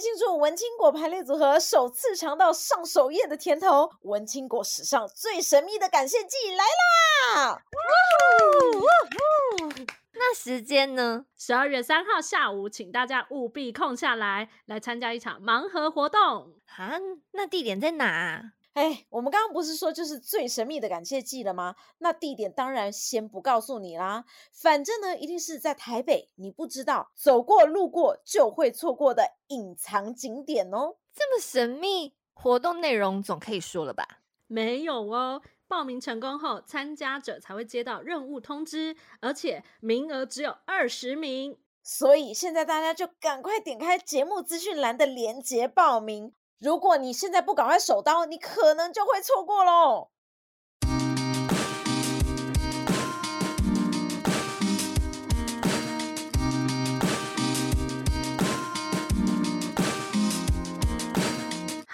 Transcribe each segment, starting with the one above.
慶祝文青果排列組合首次嘗到上首頁的甜頭，文青果史上最神秘的感謝祭來啦！嗚呼！嗚呼！那時間呢？十二月三號下午，請大家務必空下來來參加一場盲盒活動啊！那地點在哪啊？哎，我們剛剛不是說就是最神秘的感謝祭了嗎？那地點當然先不告訴你啦，反正呢，一定是在台北，你不知道，走過路過就會錯過的隱藏景點哦。這麼神秘，活動內容總可以說了吧？沒有哦，報名成功後，參加者才會接到任務通知，而且名額只有二十名，所以現在大家就趕快點開節目資訊欄的鏈接報名。如果你現在不趕快手刀，你可能就會錯過嘍。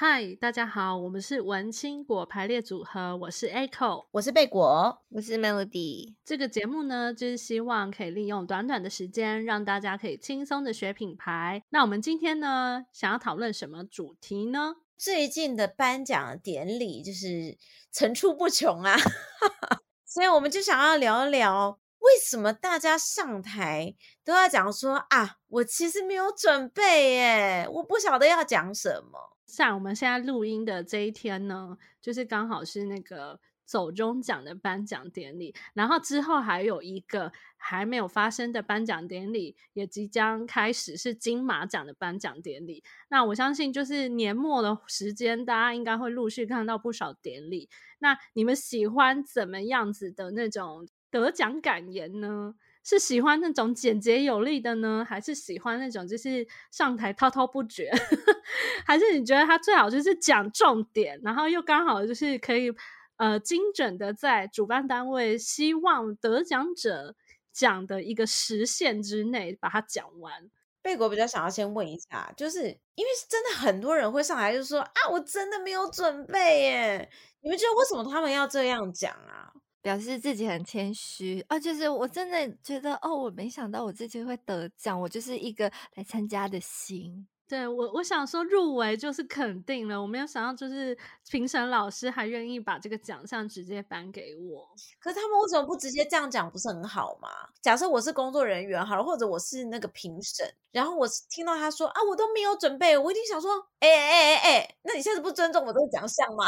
嗨，Hi, 大家好，我們是文青果排列組合，我是 Echo，我是貝果，我是 Melody。這個節目呢，就是希望可以利用短短的時間，讓大家可以輕鬆的學品牌。那我們今天呢，想要討論什麼主題呢？最近的頒獎典禮就是層出不窮啊， 所以我們就想要聊一聊。為什麼大家上台都要講說啊？我其實沒有準備耶，我不曉得要講什麼。像、啊、我們現在錄音的這一天呢，就是剛好是那個走鐘獎的頒獎典禮，然後之後還有一個還沒有發生的頒獎典禮也即將開始，是金馬獎的頒獎典禮。那我相信，就是年末的時間，大家應該會陸續看到不少典禮。那你們喜歡怎麼樣子的那種？得獎感言呢？是喜歡那種簡潔有力的呢，還是喜歡那種就是上台滔滔不絕？ 還是你覺得他最好就是講重點，然後又剛好就是可以呃精準的在主辦單位希望得獎者講的一個時限之內把它講完？貝果比較想要先問一下，就是因為真的很多人會上來就說啊，我真的沒有準備耶。你們覺得為什麼他們要這樣講啊？表示自己很謙虛啊，就是我真的覺得哦，我沒想到我自己會得獎，我就是一個來參加的心。對我，我想說入圍就是肯定了，我沒有想到就是評審老師還願意把這個獎項直接頒給我。可是他們為什麼不直接這樣講？不是很好嗎？假設我是工作人員好了，或者我是那個評審，然後我聽到他說啊，我都沒有準備，我一定想說，哎哎哎哎，那你現在不尊重我這個獎項嗎？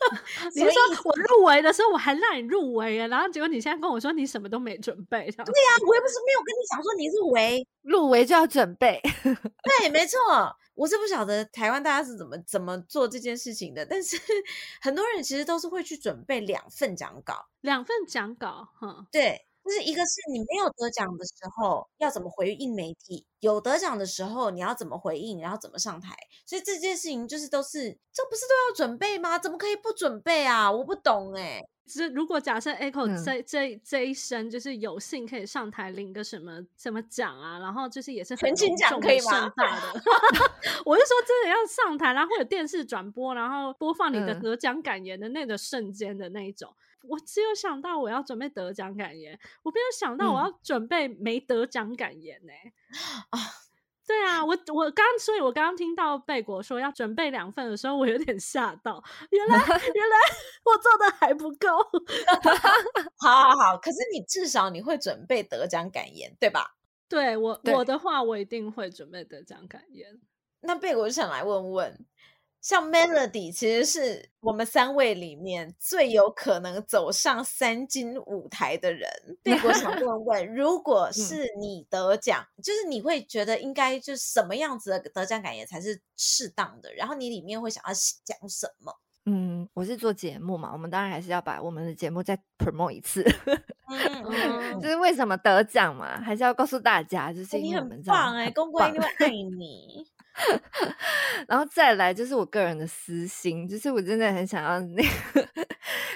你是說，我入圍的時候我還讓你入圍啊？然後結果你現在跟我說你什麼都沒準備？對呀、啊，我又不是沒有跟你講說你入圍，入圍就要準備。 對，沒錯，我是不曉得台灣大家是怎麼怎麼做這件事情的，但是很多人其實都是會去準備兩份講稿，兩份講稿，對。就是一個是你沒有得獎的時候要怎麼回應媒體，有得獎的時候你要怎麼回應，然後怎麼上台，所以這件事情就是都是，這不是都要準備嗎？怎麼可以不準備啊？我不懂哎、欸。這如果假設 Echo 這、嗯、這這一生就是有幸可以上台領個什麼什麼獎啊，然後就是也是很重的全勤獎可以嗎？盛大的。 我就說真的要上台，然後會有電視轉播，然後播放你的得獎感言的那個瞬間的那一種。嗯我只有想到我要準備得獎感言，我沒有想到我要準備沒得獎感言呢、欸。啊、嗯，對啊，我我剛，所以我剛剛聽到貝果說要準備兩份的時候，我有點嚇到。原來，原來我做的還不夠。好好好，可是你至少你會準備得獎感言，對吧？對我對我的話，我一定會準備得獎感言。那貝果想來問問。像 Melody 其實是我們三位裡面最有可能走上三金舞台的人。貝我想問問， 如果是你得獎，嗯、就是你會覺得應該就是什麼樣子的得獎感言才是適當的？然後你裡面會想要講什麼？嗯，我是做節目嘛，我們當然還是要把我們的節目再 promote 一次。 嗯，嗯哦、 就是為什麼得獎嘛，還是要告訴大家，就是你很棒哎，公公 因為愛你。 然後再來就是我個人的私心，就是我真的很想要那個、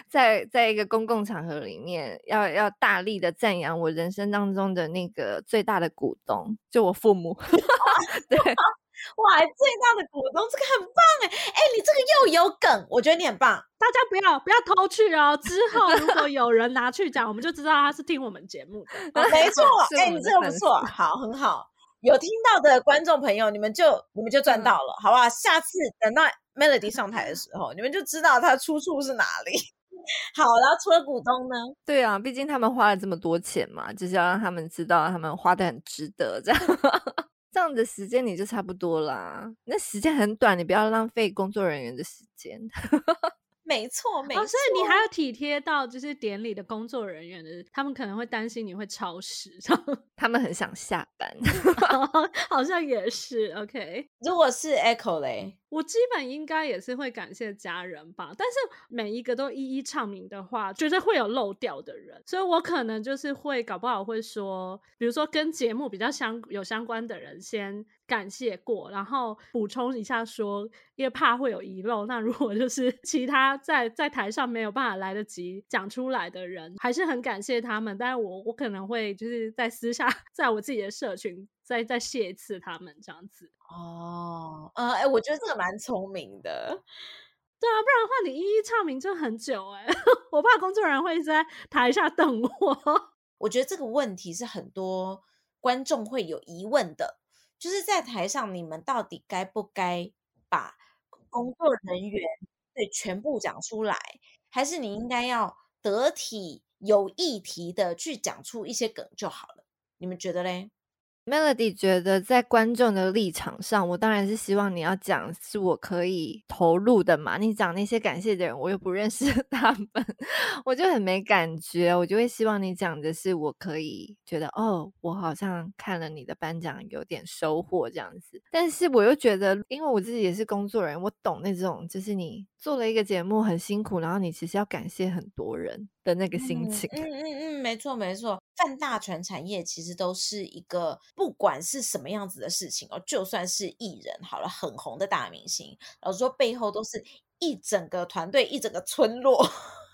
在在一個公共場合裡面，要要大力的讚揚我人生當中的那個最大的股東，就我父母。哦、 對，哇，最大的股東這個很棒哎！哎、欸，你這個又有梗，我覺得你很棒。大家不要不要偷去哦，之後如果有人拿去講， 我們就知道他是聽我們節目的。哦、 沒錯，哎、欸，你這個不錯，好，很好。有聽到的觀眾朋友，你們就你們就賺到了，嗯、好不好？下次等到 Melody 上台的時候，你們就知道它出處是哪裡。好，然後除了股東呢？對啊，畢竟他們花了這麼多錢嘛，就是要讓他們知道他們花得很值得。這樣， 這樣的時間你就差不多啦。那時間很短，你不要浪費工作人員的時間。 沒錯，沒錯、哦，所以你還要體貼到就是典禮的工作人員的，就是、他們可能會擔心你會超時，他們很想下班， 哦、好像也是。OK，如果是 Echo 嘞？我基本應該也是會感謝家人吧，但是每一個都一一唱名的話，覺得會有漏掉的人，所以我可能就是會，搞不好會說，比如說跟節目比較相有相關的人先感謝過，然後補充一下說，因為怕會有遺漏，那如果就是其他在在台上沒有辦法來得及講出來的人，還是很感謝他們，但是我我可能會就是在私下，在我自己的社群。再再謝一次他們這樣子哦，呃，我覺得這個蠻聰明的，對啊，不然的話你一一唱名就很久哎，欸， 我怕工作人員會在台下等我。我覺得這個問題是很多觀眾會有疑問的，就是在台上你們到底該不該把工作人員對全部講出來，還是你應該要得體、有議題的去講出一些梗就好了？你們覺得嘞？Melody 覺得，在觀眾的立場上，我當然是希望你要講是我可以投入的嘛。你講那些感謝的人，我又不認識他們，我就很沒感覺。我就會希望你講的是我可以覺得，哦，我好像看了你的頒獎，有點收穫這樣子。但是我又覺得，因為我自己也是工作人員，我懂那種就是你做了一個節目很辛苦，然後你其實要感謝很多人的那個心情。嗯嗯嗯，嗯，沒錯沒錯。半大船產業其實都是一個，不管是什麼樣子的事情哦，就算是藝人好了，很紅的大明星，老實說背後都是一整個團隊、一整個村落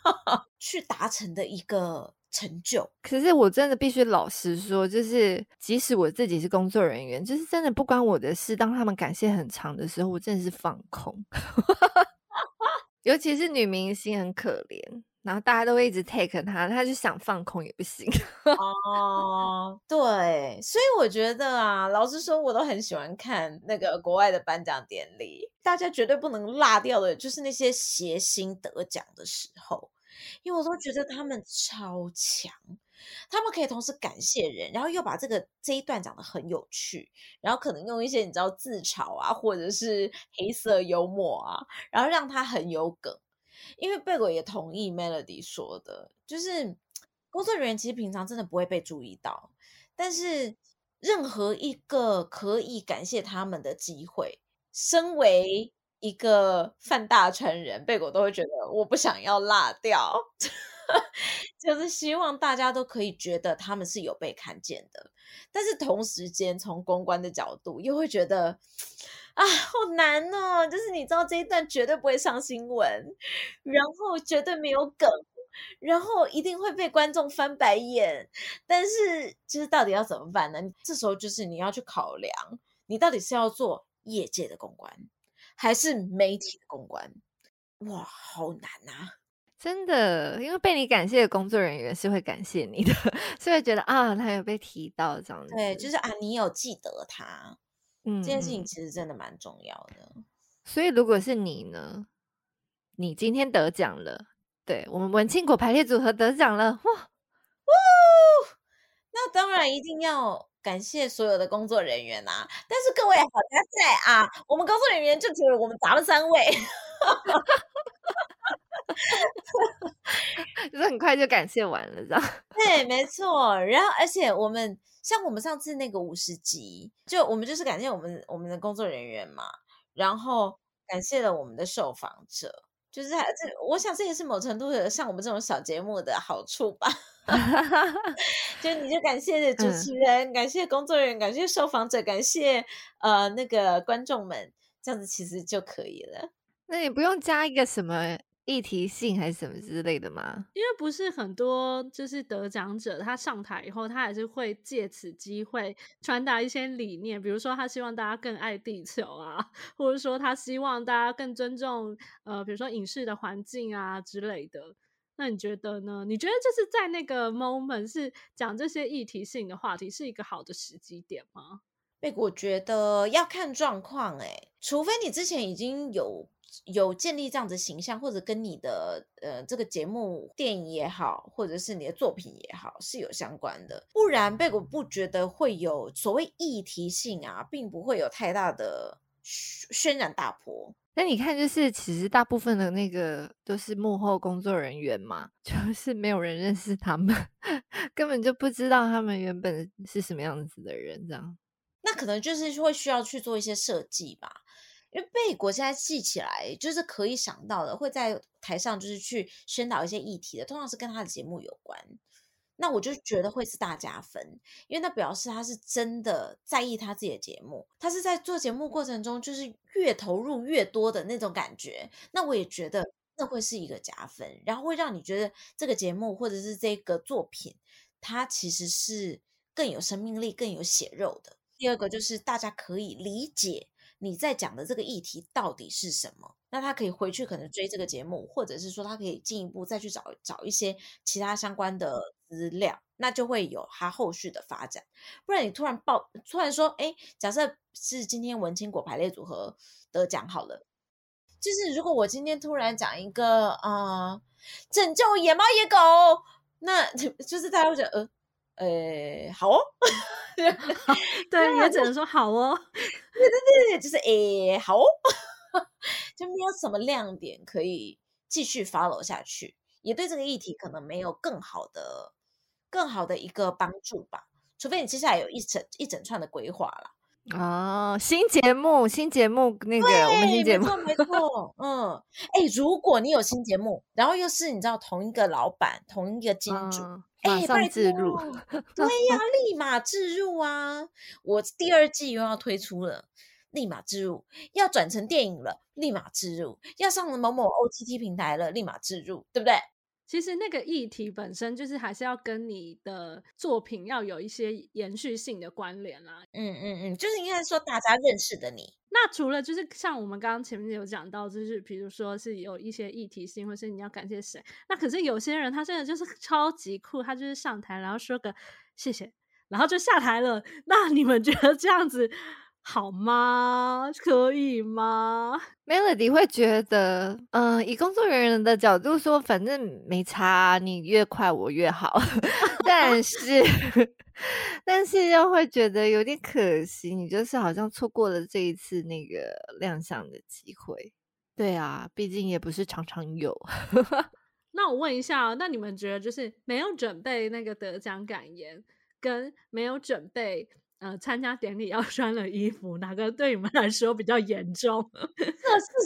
去達成的一個成就。可是我真的必須老實說，就是即使我自己是工作人員，就是真的不關我的事。當他們感謝很長的時候，我真的是放空， 尤其是女明星，很可憐。然後大家都會一直 take 他，他就想放空也不行。哦 ，oh, 對，所以我覺得啊，老實說，我都很喜歡看那個國外的頒獎典禮。大家絕對不能落掉的，就是那些諧星得獎的時候，因為我都覺得他們超強。他們可以同時感謝人，然後又把這個這一段講得很有趣，然後可能用一些你知道自嘲啊，或者是黑色幽默啊，然後讓他很有梗。因為貝果也同意 Melody 說的，就是工作人員其實平常真的不會被注意到，但是任何一個可以感謝他們的機會，身為一個犯大傳人，貝果都會覺得我不想要落掉， 就是希望大家都可以覺得他們是有被看見的，但是同時間從公關的角度又會覺得。啊，好難哦！就是你知道這一段絕對不會上新聞，然後絕對沒有梗，然後一定會被觀眾翻白眼。但是，就是到底要怎麼辦呢？這時候就是你要去考量，你到底是要做業界的公關，還是媒體的公關？哇，好難啊！真的，因為被你感謝的工作人員是會感謝你的，所以覺得啊，他有被提到這樣子。對，就是啊，你有記得他。這件事情其實真的蠻重要的。嗯，所以如果是你呢，你今天得獎了，對我們文青果排列組合得獎了，哇，那當然一定要感謝所有的工作人員啊。但是各位好家在啊，我們工作人員就覺得我們砸了三位。 就是很快就感謝完了，這樣對， 沒錯。然後，而且我們像我們上次那個五十集，就我們就是感謝我們我們的工作人員嘛，然後感謝了我們的受訪者，就是這，我想這也是某程度的像我們這種小節目的好處吧。 就你就感謝主持人，嗯、感謝工作人員，感謝受訪者，感謝呃那個觀眾們，這樣子其實就可以了。那你不用加一個什麼？議題性還是什麼之類的嗎？因為不是很多，就是得獎者他上台以後，他還是會借此機會傳達一些理念，比如說他希望大家更愛地球啊，或者說他希望大家更尊重呃，比如說影視的環境啊之類的。那你覺得呢？你覺得就是在那個 moment 是講這些議題性的話題是一個好的時機點嗎？那我覺得要看狀況哎，除非你之前已經有。有建立這樣的形象，或者跟你的呃這個節目、電影也好，或者是你的作品也好，是有相關的。不然貝果不覺得會有所謂議題性啊，並不會有太大的軒然大波。那你看，就是其實大部分的那個都是幕後工作人員嘛，就是沒有人認識他們，根本就不知道他們原本是什麼樣子的人，這樣。那可能就是會需要去做一些設計吧。因為貝果現在起來，就是可以想到的，會在台上就是去宣導一些議題的，通常是跟他的節目有關。那我就覺得會是大加分，因為那表示他是真的在意他自己的節目，他是在做節目過程中就是越投入越多的那種感覺。那我也覺得那會是一個加分，然後會讓你覺得這個節目或者是這個作品，它其實是更有生命力、更有血肉的。第二個就是大家可以理解，你在講的這個議題到底是什麼？那他可以回去可能追這個節目，或者是說他可以進一步再去找找一些其他相關的資料，那就會有他後續的發展。不然你突然爆，突然說，誒、欸、假設是今天文青果排列組合得獎好了，就是如果我今天突然講一個啊、呃、拯救野貓野狗，那就是大家會覺得呃。誒，好哦，哦， 對，也 只能說好哦。 對對對對，就是誒，好哦， 就沒有什麼亮點可以繼續 follow 下去，也對這個議題可能沒有更好的、更好的一個幫助吧。除非你接下來有一整一整串的規劃啦。哦，新節目，新節目，那個對我們新節目沒錯沒錯，沒錯 嗯，哎、欸，如果你有新節目，然後又是你知道同一個老闆，同一個金主，誒、嗯，欸、馬上置入，託 對呀、啊，立馬置入啊！我第二季又要推出了，立馬置入，要轉成電影了，立馬置入，要上了某某 O T T 平台了，立馬置入，對不對？其實那個議題本身就是還是要跟你的作品要有一些延續性的關聯啦、啊。嗯嗯嗯，就是應該說大家認識的你。那除了就是像我們剛剛前面有講到，就是比如說是有一些議題性，或是你要感謝誰。那可是有些人他真的就是超級酷，他就是上台然後說個謝謝，然後就下台了。那你們覺得這樣子？好嗎？可以嗎？Melody 會覺得，嗯、呃，以工作人員的角度說，反正沒差，你越快我越好。 但是， 但是又會覺得有點可惜，你就是好像錯過了這一次那個亮相的機會。對啊，畢竟也不是常常有。 那我問一下，那你們覺得，就是沒有準備那個得獎感言，跟沒有準備？呃，參加典禮要穿的衣服，哪、那個對你們來說比較嚴重？ 這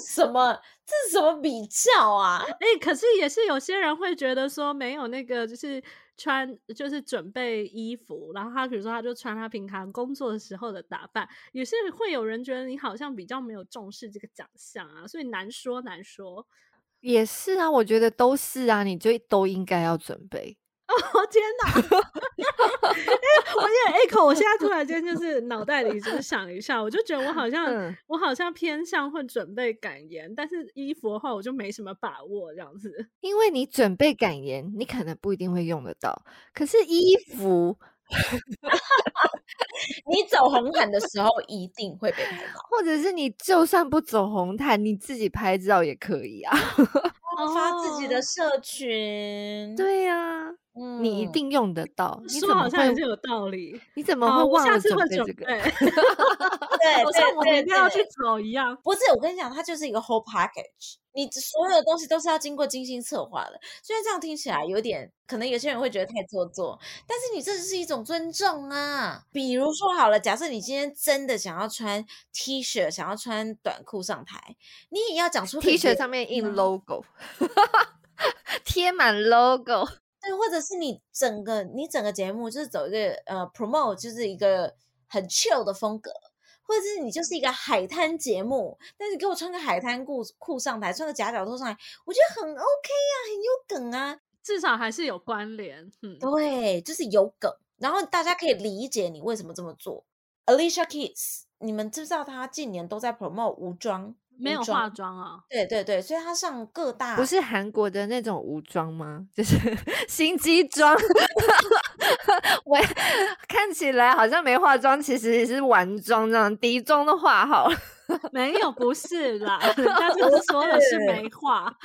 是什麼？這是什麼比較啊？哎、欸，可是也是有些人會覺得說，沒有那個就是穿，就是準備衣服，然後他比如說他就穿他平常工作的時候的打扮，也是會有人覺得你好像比較沒有重視這個獎項啊，所以難說難說。也是啊，我覺得都是啊，你就都應該要準備。哦天哪！哎， 我覺得一口我現在突然間就是腦袋裡就是想一下，我就覺得我好像、嗯、我好像偏向會準備感言，但是衣服的話，我就沒什麼把握這樣子。因為你準備感言，你可能不一定會用得到，可是衣服， 你走紅毯的時候一定會被。或者是你就算不走紅毯，你自己拍照也可以啊，我 發、哦、 自己的社群。對呀、啊。你一定用得到，嗯、你說好像也是有道理。你怎麼會忘了、哦、我下次會準備這個？ 對，我像我一天要去找一樣。不是，我跟你講，它就是一個 whole package，你所有的東西都是要經過精心策劃的。雖然這樣聽起來有點，可能有些人會覺得太做作，但是你這是一種尊重啊。比如說好了，假設你今天真的想要穿 T 恤，shirt，想要穿短褲上台，你也要講出 T 恤上面印 logo，貼滿、嗯啊、 logo。對，或者是你整個你整個節目就是走一個呃 promote，就是一個很 chill 的風格，或者是你就是一個海灘節目，但是你給我穿個海灘褲褲上台，穿個夾腳拖上來，我覺得很 OK 啊，很有梗啊，至少還是有關聯，嗯、對，就是有梗，然後大家可以理解你為什麼這麼做。Alicia Keys，你們知不知道她近年都在 promote 無妝？沒有化妝啊？妝對對對，妝所以他上各大不是韓國的那種無妝嗎？就是心機妝，我看起來好像沒化妝，其實也是完妝這樣，底妝都化好了。 沒有，不是啦，他就是說的是沒話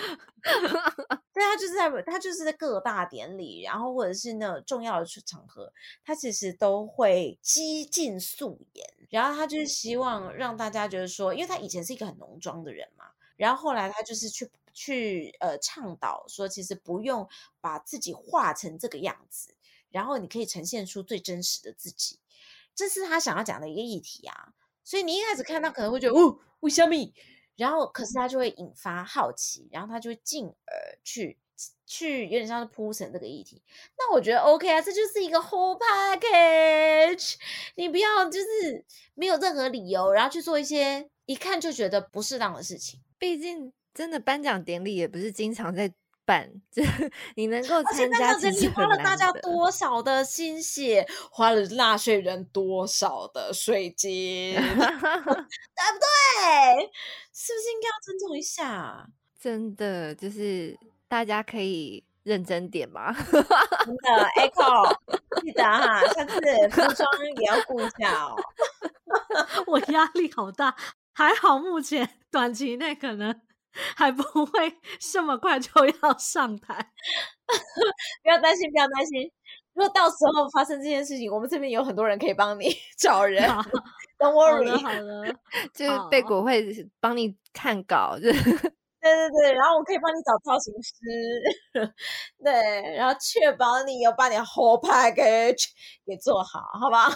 對 他就是在他就是在各大典禮，然後或者是那種重要的場合，他其實都會激進素顏。然後他就是希望讓大家覺得說，因為他以前是一個很濃妝的人嘛，然後後來他就是去去呃倡導說，其實不用把自己化成這個樣子，然後你可以呈現出最真實的自己。這是他想要講的一個議題啊。所以你一開始看到可能會覺得哦，為蝦米？然後，可是他就會引發好奇，然後他就會進而去去，有點像是鋪陳這個議題。那我覺得 OK 啊，這就是一個 whole package。你不要就是沒有任何理由，然後去做一些一看就覺得不適當的事情。畢竟，真的頒獎典禮也不是經常在。本，你能夠參加節目，你花了大家多少的心血，花了納稅人多少的稅金， 對不對？是不是應該要尊重一下？真的，就是大家可以認真點嘛。 真的，Echo，記得哈，下次服裝也要顧一下哦。 我壓力好大，還好目前短期內可能還不會這麼快就要上台， 不要擔心，不要擔心。如果到時候發生這件事情，我們這邊有很多人可以幫你找人等 Don't worry 好了好的，好的就是貝果會幫你看稿，對對對，然後我可以幫你找造型師， 對，然後確保你有把你 whole package 給做好，好不好？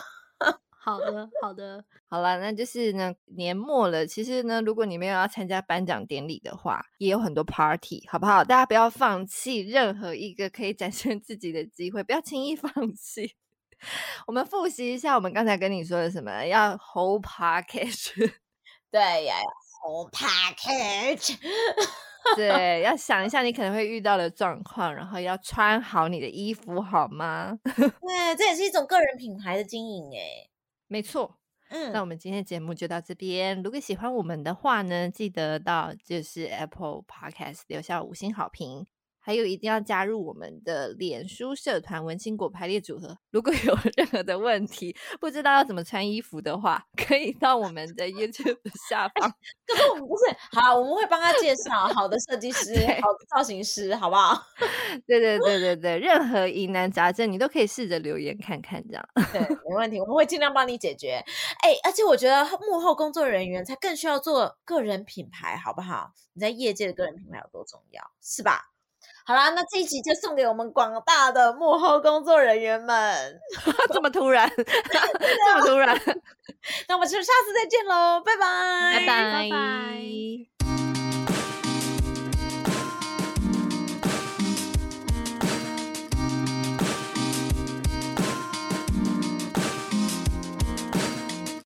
好的，好的， 好啦，那就是呢，年末了。其實呢，如果你沒有要參加頒獎典禮的話，也有很多 party，好不好？大家不要放棄任何一個可以展現自己的機會，不要輕易放棄。 我們複習一下，我們剛才跟你說的什麼？要 whole package。 對呀，whole package。Hold 對，要想一下你可能會遇到的狀況，然後要穿好你的衣服，好嗎？對， 這也是一種個人品牌的經營耶、欸。沒錯，嗯，那我們今天的節目就到這邊。如果喜歡我們的話呢，記得到就是 Apple Podcast 留下五星好評。還有一定要加入我們的臉書社團“文青果排列組合”。如果有任何的問題，不知道要怎麼穿衣服的話，可以到我們的 YouTube 下方。可是 我們不是，好啊，我們會幫他介紹好的設計師、好的造型師，好不好？對對對對對，任何疑難雜症你都可以試着留言看看，這樣 對，沒問題，我們會盡量幫你解決。哎，而且我覺得幕後工作人員才更需要做個人品牌，好不好？你在業界的個人品牌有多重要，是吧？好啦，那這一集就送給我們廣大的幕後工作人員們， 這麼突然， 啊、 這麼突然， 那我們就下次再見嘍，拜拜，拜拜。